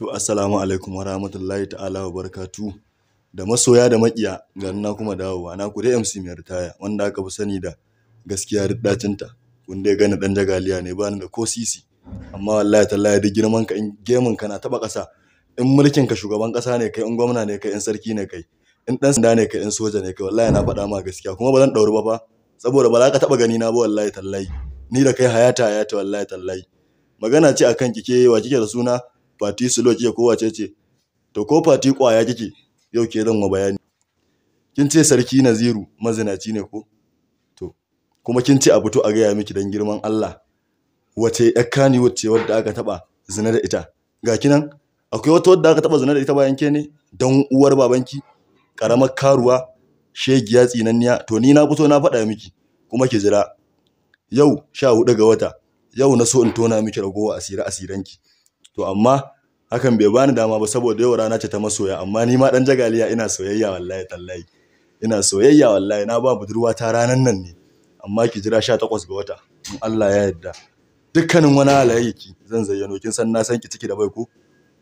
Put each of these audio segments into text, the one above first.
To assalamu alaikum wa rahmatullahi ta'ala wa barakatu da masoya da makiya ga na kuma dawowa na ku dai MC mai ritaya wanda aka fi sani da gaskiya riddacin ta wanda ya gani dan jagaliya ne ba ni da ko sisi amma wallahi tallahi duk girman ka in gemin ka na taba kasa in mulkin ka shugaban kasa ne kai in gwamna ne kai in sarki ne kai in dan sanda ne kai in soja ne kai wallahi na faɗa ma gaskiya kuma ba zan dauri ba fa saboda ba za ka taba gani na ba wallahi tallahi ni da kai hayata hayata wallahi tallahi magana ce akan kike wa kike da suna fati silo kike ko wace ce to ko fati kwaya kike yau ke zan wa bayani kin ce sarki naziru mazinaci ne ko to kuma kin ce a fito a gaya miki dan girman Allah wace yakani wace wadda aka taba zina da ita ga kinan akwai wata wadda aka taba zina da ita bayan ke ne dan uwar babanki karamar karuwa shegiya tsinanniya to ni na fito na faɗa miki kuma ki jira yau sha hudu ga wata yau na so in tona miki ragowa asira asiranki to amma hakan bai bani dama ba saboda yau rana ce ta masoya amma ni ma dan jagaliya ina soyayya wallahi tallahi ina soyayya wallahi na ba budurwa ta ranan nan ne amma ki jira 18 ga wata in Allah ya yarda dukkanin wani halaye ki zan zayyano kin san na san ki ciki da bai ko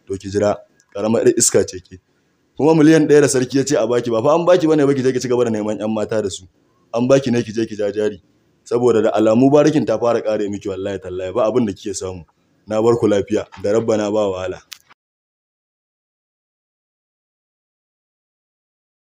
to ki jira karamar iska ce ki kuma miliyan ɗaya da sarki ya ce a baki ba fa an baki bane ba ki je ki cigaba da neman yan mata da su an baki ne ki je ki jajari saboda da alamu barikin ta fara kare miki wallahi tallahi ba abin da kike samu na barku lafiya da Rabba na ba wahala